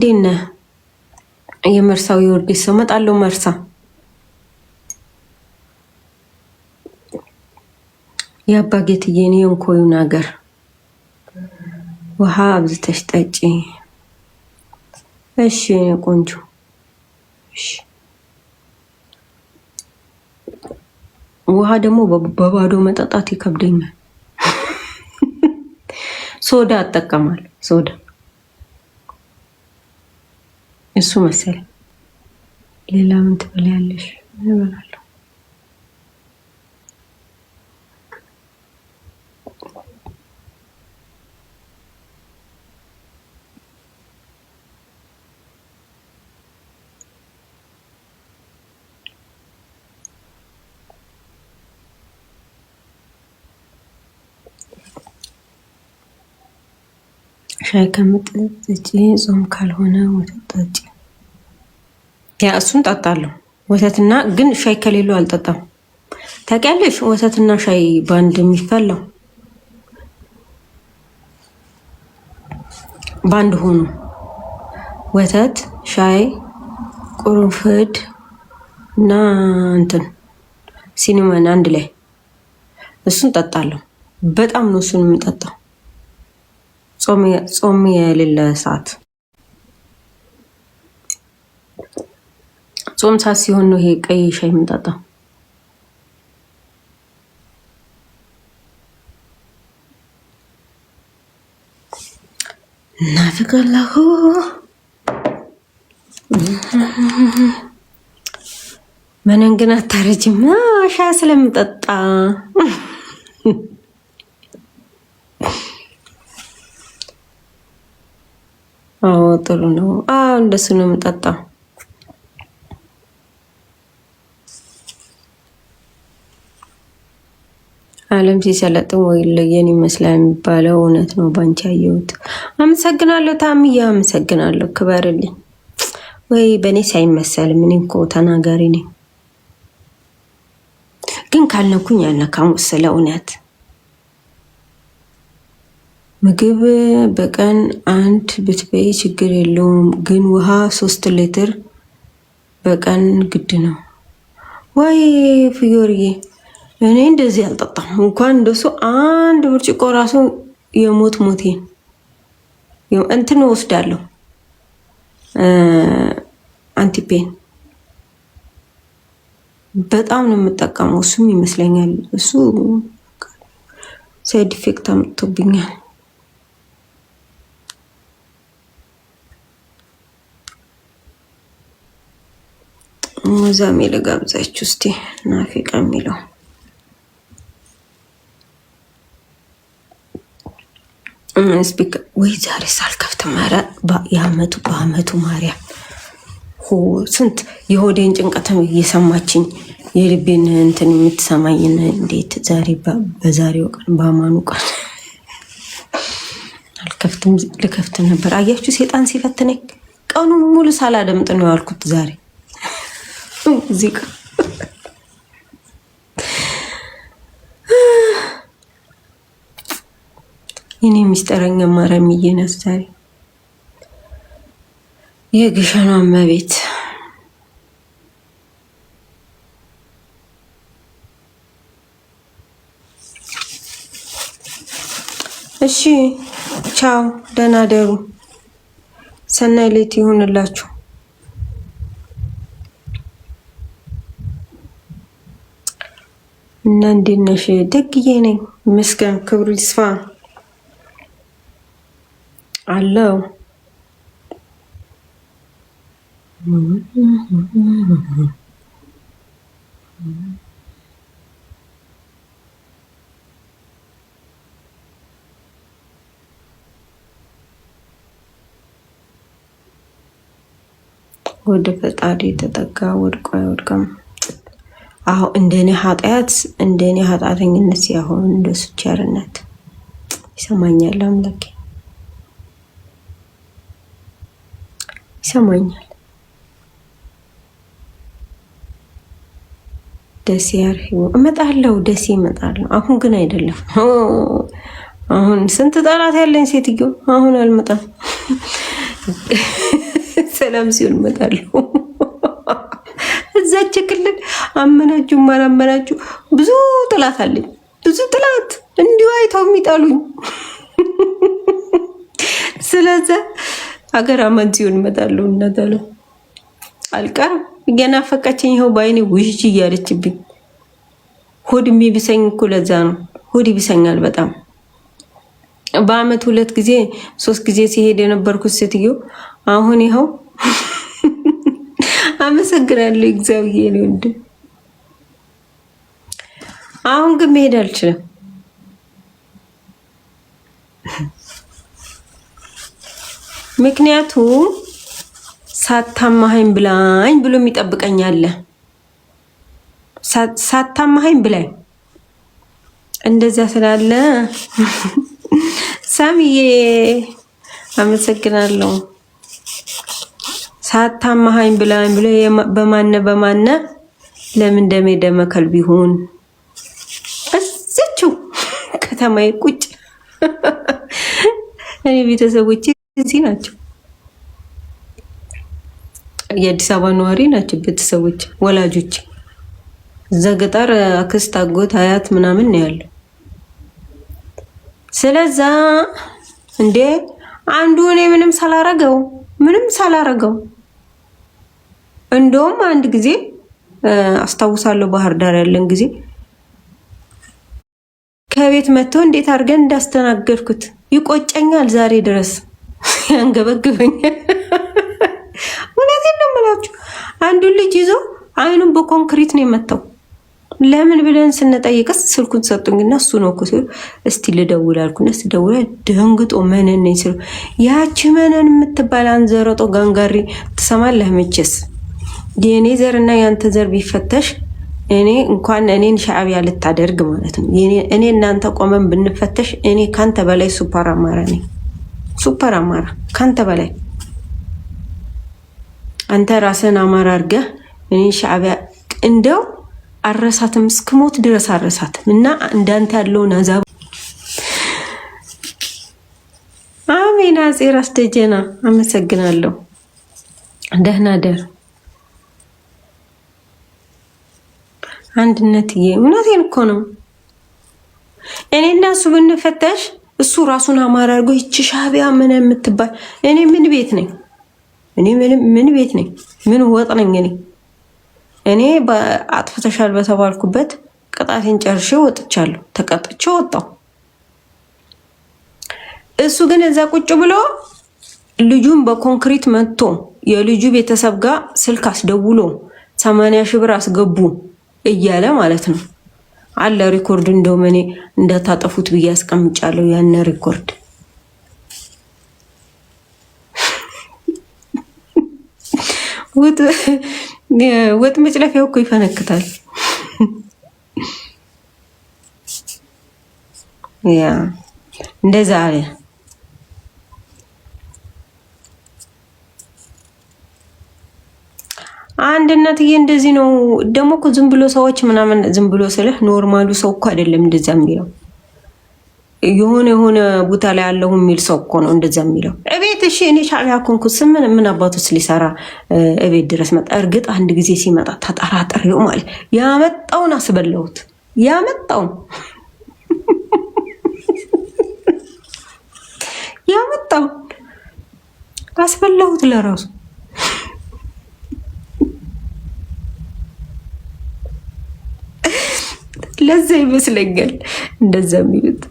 ዲነ የመርሳው የወርጌስ ሰው መጣለው። መርሳ የአባ ጌትዬን የንኮዩን ሀገር ውሃ አብዝተሽ ጠጪ። እሺ ቆንጆ። ውሃ ደግሞ በባዶ መጠጣት ይከብደኛል። ሶዳ አጠቀማል ሶዳ እሱ መሰለኝ። ሌላ ምን ትበላለሽ? ምን እበላለሁ ሻይ ከምጠጪ ጾም ካልሆነ ወተት ጠጪ። ያ እሱን ጠጣለሁ። ወተትና ግን ሻይ ከሌለው አልጠጣም። ታውቂያለሽ፣ ወተትና ሻይ በአንድ የሚፈላው በአንድ ሆኖ ወተት፣ ሻይ፣ ቁርንፍድ እና እንትን ሲኒመን አንድ ላይ እሱን ጠጣለሁ። በጣም ነው እሱን የምጠጣው። ጾም የሌለ ሰዓት ጾም ሰዓት ሲሆን ነው ይሄ ቀይ ሻይ የምንጠጣው። እናፍቃለሁ መነን ግን አታረጅም ሻይ ስለምጠጣ አዎ ጥሩ ነው። አዎ እንደሱ ነው የምጠጣው። ዓለም ሲሰለጥን ወይ ለየን ይመስላል የሚባለው እውነት ነው። ባንቺ አየሁት። አመሰግናለሁ ታምዬ፣ አመሰግናለሁ። ክበርልኝ። ወይ በኔ ሳይመሰል እኔ እኮ ተናጋሪ ነኝ፣ ግን ካልነኩኝ አልነካም ስለ እውነት ምግብ በቀን አንድ ብትበይ ችግር የለውም፣ ግን ውሃ ሶስት ሊትር በቀን ግድ ነው። ወይ ፍዮርዬ፣ እኔ እንደዚህ አልጠጣም። እንኳን እንደሱ አንድ ብርጭቆ ራሱ የሞት ሞቴን እንትን ወስዳለሁ፣ አንቲፔን በጣም ነው የምጠቀመው። እሱም ይመስለኛል እሱ ሳይድ ኢፌክት አምጥቶብኛል። ሚል ጋብዛችሁ እስቲ ናፊቃ የሚለው ስፒክ ወይ ዛሬ ሳልከፍት ማረ የአመቱ በአመቱ ማርያም ስንት የሆዴን ጭንቀት እየሰማችኝ የልቤን እንትን የምትሰማኝን እንዴት ዛሬ በዛሬው ቀን በአማኑ ቀን አልከፍትም ልከፍት ነበር። አያችሁ ሴጣን ሲፈትነኝ ቀኑን ሙሉ ሳላደምጥ ነው ያልኩት ዛሬ ሙዚቃ የኔ ሚስጥረኛ ማረምዬ ናት ዛሬ የግሸኗ እመቤት። እሺ ቻው፣ ደህና ደሩ። ሰናይ ሌት ይሁንላችሁ። እና እንዴት ነሽ? ደግዬ ነኝ ይመስገን። ክብሩ ይስፋ አለው። ወደ ፈጣሪ የተጠጋ ወድቆ አይወድቅም። አሁ እንደኔ ኃጢአት እንደኔ ኃጢአተኝነት ሲያሆን እንደሱ ቸርነት ይሰማኛል፣ አምላኬ ይሰማኛል። ደሴ ያርሂ እመጣለሁ፣ ደሴ እመጣለሁ። አሁን ግን አይደለም። አሁን ስንት ጠላት ያለኝ ሴትዮ፣ አሁን አልመጣም። ሰላም ሲሆን እመጣለሁ። እዛች ክልል አመናችሁ ማላመናችሁ ብዙ ጥላት አለኝ። ብዙ ጥላት እንዲሁ አይተው የሚጠሉኝ። ስለዛ አገር አመንዚሆን እመጣለሁ። እናታለ አልቀርም። ገና ፈቃችኝ ይኸው በአይኔ ውሽች እያለችብኝ ሆድ የሚብሰኝ እኮ ለዛ ነው። ሆድ ይብሰኛል በጣም በአመት ሁለት ጊዜ ሶስት ጊዜ ሲሄድ የነበርኩት ሴትዮ አሁን ይኸው አመሰግናለሁ። እግዚአብሔር ይወድ። አሁን ግን መሄድ አልችልም። ምክንያቱ ሳታማሃኝ ብላኝ ብሎ የሚጠብቀኝ አለ። ሳታማሃኝ ብላኝ እንደዚያ ስላለ ሳምዬ አመሰግናለሁ። ሳታማሃኝ ብላኝ ብሎ በማነ በማነ ለምን ደሜ ደመ ከልብ ይሁን? እዚችው ከተማዬ ቁጭ እኔ ቤተሰቦቼ እዚህ ናቸው። የአዲስ አበባ ነዋሪ ናቸው ቤተሰቦች ወላጆች። እዛ ገጠር አክስት፣ አጎት፣ አያት ምናምን ነው ያለው። ስለዛ እንዴ አንዱ እኔ ምንም ሳላረገው ምንም ሳላረገው እንደውም አንድ ጊዜ አስታውሳለሁ፣ ባህር ዳር ያለን ጊዜ ከቤት መጥቶ እንዴት አድርገን እንዳስተናገድኩት ይቆጨኛል ዛሬ ድረስ ያንገበግበኛል። እውነቴን ነው የምላችሁ። አንዱን ልጅ ይዞ አይኑን በኮንክሪት ነው የመታው። ለምን ብለን ስንጠይቀስ ስልኩን ሰጡኝና እሱ ነው እኮ ሲሉ እስቲ ልደውል አልኩና ስደውላ ደንግጦ መነን ነኝ ሲሉ ያቺ መነን የምትባል አንዘረጦ ጋንጋሪ ትሰማለህ መቼስ የኔ ዘር እና የአንተ ዘር ቢፈተሽ እኔ እንኳን እኔን ሻዕቢያ ልታደርግ ማለት ነው። እኔ እናንተ ቆመን ብንፈተሽ እኔ ካንተ በላይ ሱፐር አማራ ነኝ። ሱፐር አማራ ካንተ በላይ አንተ ራስን አማራ አድርገህ እኔን ሻዕቢያ እንደው አረሳትም እስክሞት ድረስ አረሳትም እና እንዳንተ ያለውን አዛብ አሜን። አጼ ራስ ደጀና አመሰግናለሁ። ደህና ደር አንድነትዬ እውነቴን እኮ ነው። እኔ እና እሱ ብንፈተሽ እሱ ራሱን አማራ አድርጎ ይቺ ሻቢያ ምን የምትባል እኔ ምን ቤት ነኝ? እኔ ምን ቤት ነኝ? ምን ወጥ ነኝ? እኔ እኔ አጥፍተሻል በተባልኩበት ቅጣቴን ጨርሼ ወጥቻለሁ። ተቀጥቼ ወጣሁ። እሱ ግን እዛ ቁጭ ብሎ ልጁን በኮንክሪት መጥቶ የልጁ ቤተሰብ ጋር ስልክ አስደውሎ ሰማንያ ሺህ ብር አስገቡ እያለ ማለት ነው አለ ሪኮርድ እንደውም እኔ እንዳታጠፉት ብዬ አስቀምጫለሁ ያን ሪኮርድ ወጥ መጭለፊያው እኮ ይፈነክታል ያ እንደዛ አለ አንድነት ይሄ እንደዚህ ነው ደግሞ እኮ ዝም ብሎ ሰዎች ምናምን ዝም ብሎ ስልህ ኖርማሉ ሰው እኮ አይደለም እንደዛ የሚለው የሆነ የሆነ ቦታ ላይ ያለሁ የሚል ሰው እኮ ነው እንደዛ የሚለው። እቤት እሺ፣ እኔ ሻዕቢያ ኮንኩ ስምን ምን አባቶች ሊሰራ እቤት ድረስ መጣ። እርግጥ አንድ ጊዜ ሲመጣ ተጠራጠሪው ማለት ያመጣውን አስበላሁት ያመጣውን ያመጣውን አስበላሁት ለራሱ ለዛ ይመስለኛል እንደዛ የሚሉት።